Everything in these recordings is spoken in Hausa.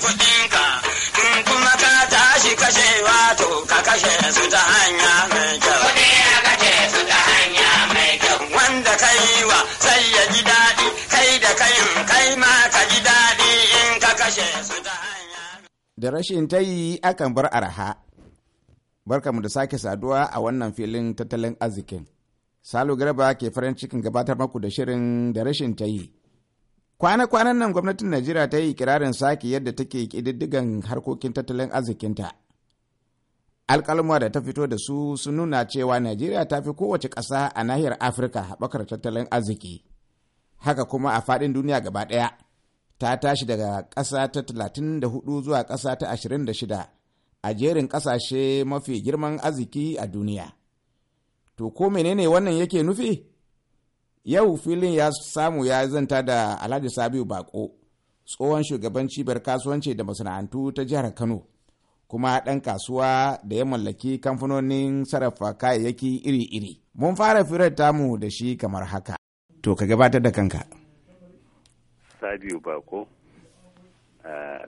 sami in kuma ka tashi kashe wato ka kashe su ta hanya mai kyau. Wanda ka yi wa sai ya ji daɗi kai da kayin kai ma ka ji daɗi in ka kashe su ta hanya. Da rashin ta yi akan bar araha. Barkamu da sake saduwa a wannan filin tattalin arzikin. Salo Garba ke farin cikin gabatar maku da shirin da rashin ta yi. kwana-kwanan nan gwamnatin najeriya ta yi ikirarin sake yadda take kididdigan harkokin tattalin arzikinta Alkalmuwa da ta fito da su sun nuna cewa najeriya ta fi kowace ƙasa a nahiyar afirka haɓakar tattalin arziki haka kuma a faɗin duniya gaba ɗaya ta tashi daga ƙasa ta 34 zuwa ƙasa ta ashirin da shida a jerin ƙasashe mafi girman arziki a duniya to ko menene wannan yake nufi yau filin ya samu ya zanta da alhaji sabiu bako tsohon shugaban cibiyar kasuwanci da masana'antu ta jihar kano kuma ɗan kasuwa da ya mallaki kamfanonin sarrafa kayayyaki iri-iri mun fara firar tamu da shi kamar haka to ka gabatar da kanka sabiu bako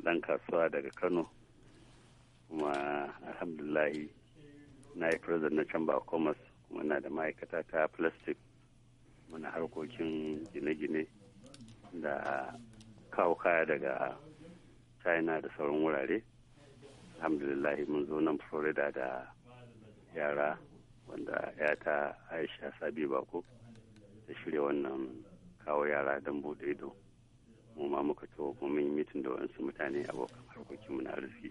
ɗan kasuwa daga kano kuma alhamdulahi na yi na chamber of commerce kuma da ma'aikata ta plastic wani harkokin gine-gine da kawo kaya daga china da sauran wurare alhamdulillah mun zo nan florida da yara wanda yata aisha sabi bako da shirya wannan kawo yara don bude ido mu ma muka to kuma yi mitin da wasu mutane abokan harkokinmu na arziki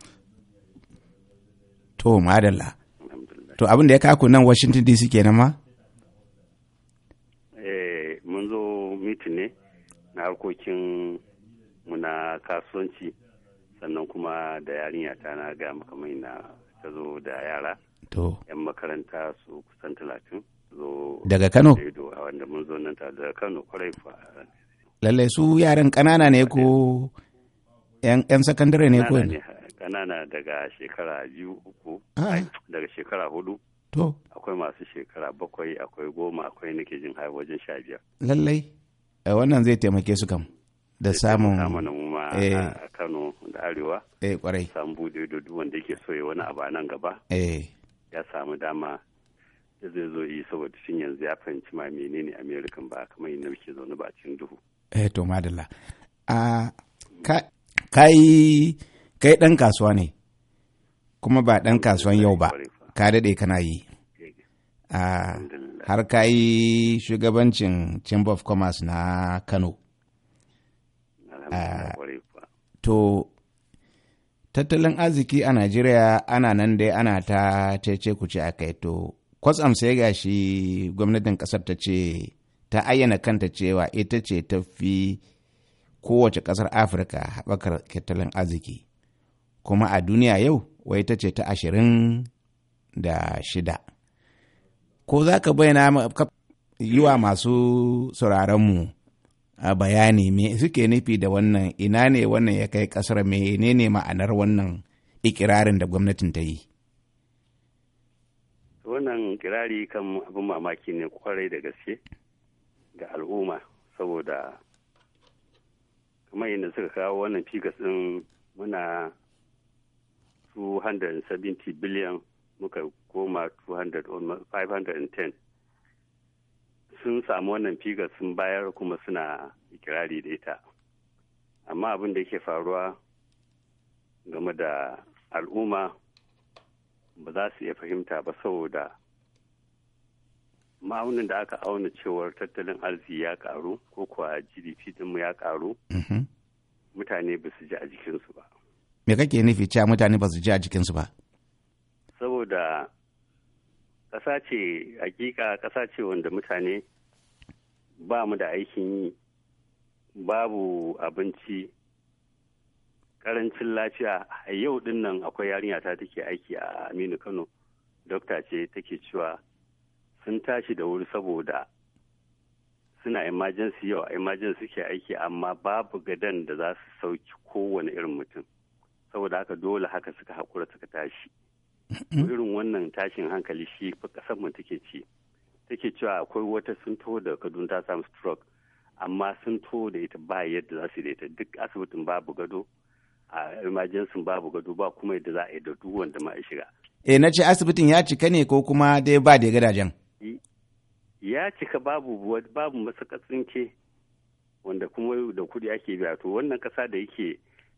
to madalla to abin da ya kaku nan washington dc kenan ma mitin ne na harkokin muna kasuwanci sannan kuma da yarinya ta na ga makamai na ta zo da yara to yan makaranta su kusan talatin zo daga kano wanda mun zo nan ta daga kano kwarai fa lallai su yaran kanana ne ko yan sakandare ne ko kanana daga shekara biyu uku ah. daga shekara hudu to akwai masu shekara bakwai akwai goma akwai nake jin har wajen sha biyar lallai Eh, wannan zai taimake su kam da samun a eh, kano da arewa eh kwarai samu bude da wanda yake so ya wani abu nan gaba eh ya samu dama da zai zo yi saboda shin yanzu ya fahimci ma menene american ba kamar yadda muke zaune ba a cikin duhu eh to madalla a kai kai dan kasuwa ne kuma ba dan kasuwan yau ba ka dade kana yi a har ka yi shugabancin chamber of commerce na kano uh, to tattalin arziki a najeriya ana nan dai ana ta cece kuce a kai to kwatsam sai ga shi gwamnatin kasar ta ce ta ayyana kanta cewa ita ce ta fi kowace kasar afirka haɓakar tattalin arziki kuma a duniya yau wai ta ce ta ashirin da shida ko za ka bayyana yi wa masu sauraronmu a bayani me suke nufi da wannan ina ne wannan ya kai kasar menene ma'anar wannan ikirarin da gwamnatin ta yi wannan kirari kan abin mamaki ne kwarai da gaske ga al'umma saboda kamar yadda suka kawo wannan fikas ɗin muna 270 biliyan muka koma 510 sun samu wannan figar sun bayar kuma suna ikirari da ita amma abin da yake faruwa game da al'umma ba za su iya fahimta ba saboda ma'aunin da aka auna cewar tattalin arziki ya karu ko kuwa gdp dinmu ya karu mhm. mutane ba su ji a jikinsu ba me kake nufi cewa mutane ba su ji a jikinsu ba saboda ƙasa ce hakika ƙasa ce wanda mutane ba mu da aikin yi babu abinci ƙarancin lafiya a yau din akwai yarinya ta take aiki a aminu kano dokta ce take cewa sun tashi da wuri saboda suna emergency yau emergency suke aiki amma babu gadan da za su sauki kowane irin mutum saboda haka dole haka suka haƙura suka tashi Mm-hmm. irin wannan tashin hankali shi kasar mu take ci take cewa akwai wata sun taho da kaduna ta samu stroke amma sun taho da ita ba yadda za su da ita duk asibitin babu gado a emergency babu gado ba kuma yadda za a yi da duk wanda ma shiga eh na ce asibitin ya cika ne ko kuma dai ba da gadajen ya cika babu babu masakatsinke wanda kuma da kudi ake biya to wannan kasa da yake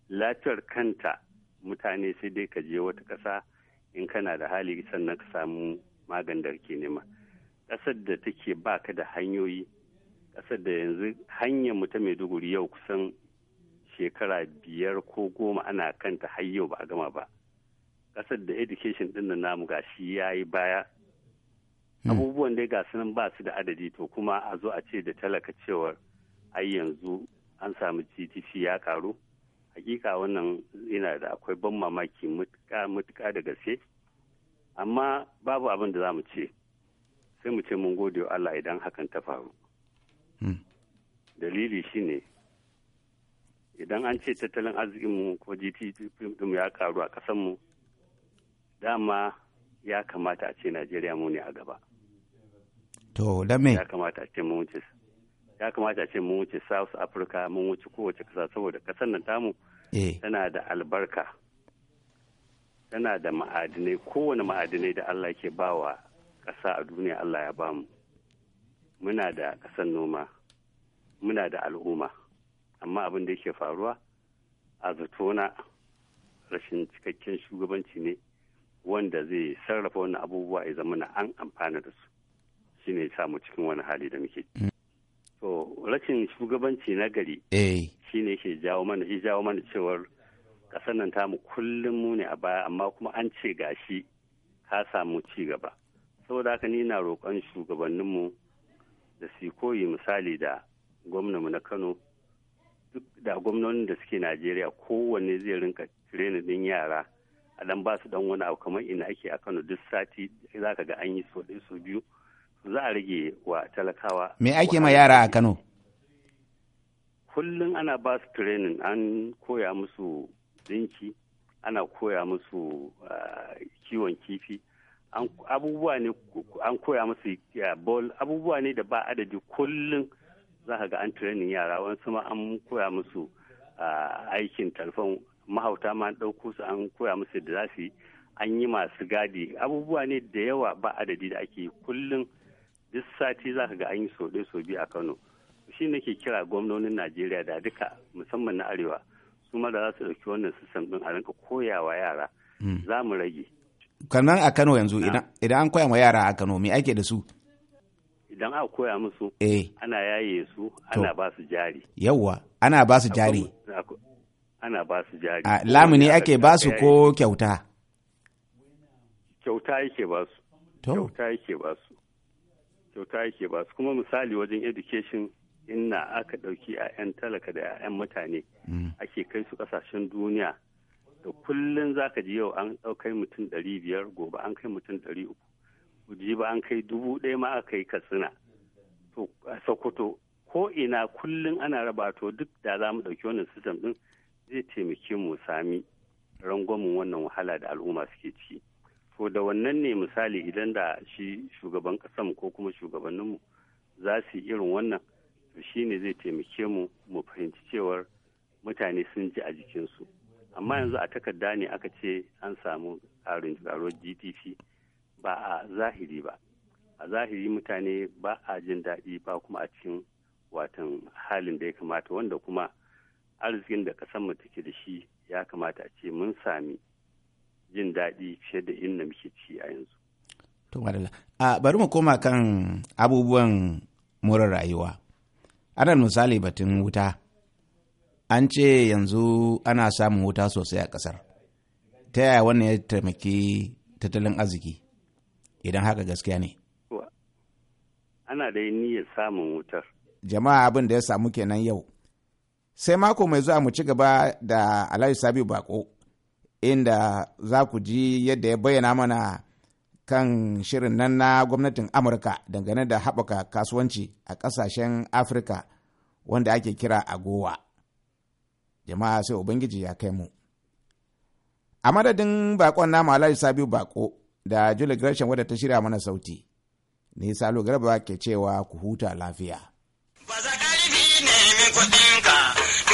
lafiyar kanta mutane sai dai ka je wata kasa in kana da hali sannan ka samu magan da ke nema ƙasar da take baka da hanyoyi ƙasar da yanzu hanyar mu ta maiduguri yau kusan shekara biyar ko goma ana kanta har yau ba a gama ba ƙasar da education ɗin na namu gashi shi ya yi baya hmm. abubuwan dai ga sunan ba su da adadi to kuma a zo a ce da talaka cewar ai yanzu an samu gdp ya karu hakika wannan yana da akwai ban mamaki mutuka da gaske amma babu abin da za mu ce sai mu ce mun gode wa Allah idan hakan ta faru hmm. dalili shine idan an ce tattalin arzikinmu ko gdp ya karu a kasanmu dama ya kamata a ce najeriya mu ne a gaba to da ya kamata a ce mu ya kamata a ce mun wuce south africa mun wuce kowace kasa saboda kasar nan tamu eh. tana da albarka tana da ma'adinai kowane ma'adinai da allah ke bawa kasa a duniya allah ya bamu muna da kasar noma muna da al'umma amma abin da yake faruwa a zatona rashin cikakken shugabanci ne wanda zai sarrafa wani abubuwa ya zama na an amfana da su shine samu cikin wani hali da muke to rashin shugabanci na gari eh. shi ne ke jawo mana shi jawo mana cewar kasar nan tamu kullum mu ne a baya amma kuma an ce gashi ka samu ci gaba saboda haka ni na roƙon shugabanninmu da su koyi misali da gwamnamu na kano duk da gwamnonin da suke najeriya kowanne zai rinka tireni din yara a dan ba su dan wani abu kamar ina ake a kano duk sati za ka ga an yi so so biyu za a rage wa talakawa me ake ma yara a kano kullum ana ba su training an koya musu dinki ana koya musu ah, kiwon kifi abubuwa ne an koya musu ah, bol abubuwa ne da ba adadi kullum za ka ga an training yara wani ma an koya musu ah, aikin talfon mahauta ma ɗauko su an koya musu da za su yi an yi masu gadi abubuwa ne da yawa ba adadi da ake kullum duk sati za ka ga an yi so ɗaya so biyu a kano shi nake kira gwamnonin najeriya da duka musamman na arewa su ma da za su ɗauki wannan sistem ɗin a rinka koyawa yara hmm. za mu rage Kannan a kano yanzu idan an koya ma yara a kano me ake da su idan aka koya musu eh. ana yaye su ana ba su jari yawwa ana ba su jari ana ba su jari lamuni ake ba su ko kyauta kyauta yake ba su kyauta yake ba su kyauta yake ba su kuma misali wajen education inna aka ɗauki yan talaka da yan mutane mm. ake kai su kasashen duniya da kullum za ka ji yau an ɗaukai mutum 500 biyar gobe an kai mutum 300 uku ba an kai dubu ɗaya ma aka yi katsina to a sokoto ko ina kullum ana raba to duk da za mu ɗauki wannan system ɗin zai taimake mu sami rangwamin wannan wahala da al'umma suke ciki. to da wannan ne misali idan da shi shugaban kasan ko kuma shugabanninmu za su yi irin wannan to shi ne zai taimake mu mu fahimci cewar mutane sun ji a jikinsu amma yanzu a takarda ne aka ce an samu karin tsaro gdp ba a zahiri ba a zahiri mutane ba a jin daɗi ba kuma a cikin watan halin da ya kamata wanda kuma arzikin da kasan mu take da shi ya kamata a ce mun sami jin daɗi fiye da inda muke ci a yanzu. To a bari mu koma kan abubuwan more rayuwa. Ana misali batun wuta. An ce yanzu ana samun wuta sosai a ƙasar. Ta yaya wannan ya taimaki tattalin arziki idan haka gaskiya ne? Ana da niyyar samun wutar. Jama'a abin da ya samu kenan yau. Sai mako mai zuwa mu ci gaba da Alhaji Sabi Bako. inda za ku ji yadda ya bayyana mana kan shirin nan na gwamnatin amurka dangane da haɓaka kasuwanci a ƙasashen afirka wanda ake kira agowa jama'a sai ubangiji ya kai mu a madadin bakon nama alhaji sabiu bako da julie gresham wadda ta shirya mana sauti ni salo garba ke cewa ku huta lafiya nemi kuɗinka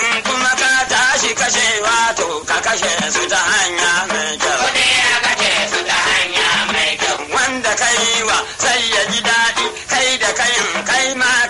in kuma ka tashi kashe wato ka kashe su ta hanya mai kyau. Kuɗi ya kashe su ta hanya mai kyau. Wanda kai wa sai ya ji daɗi kai da kayin kai ma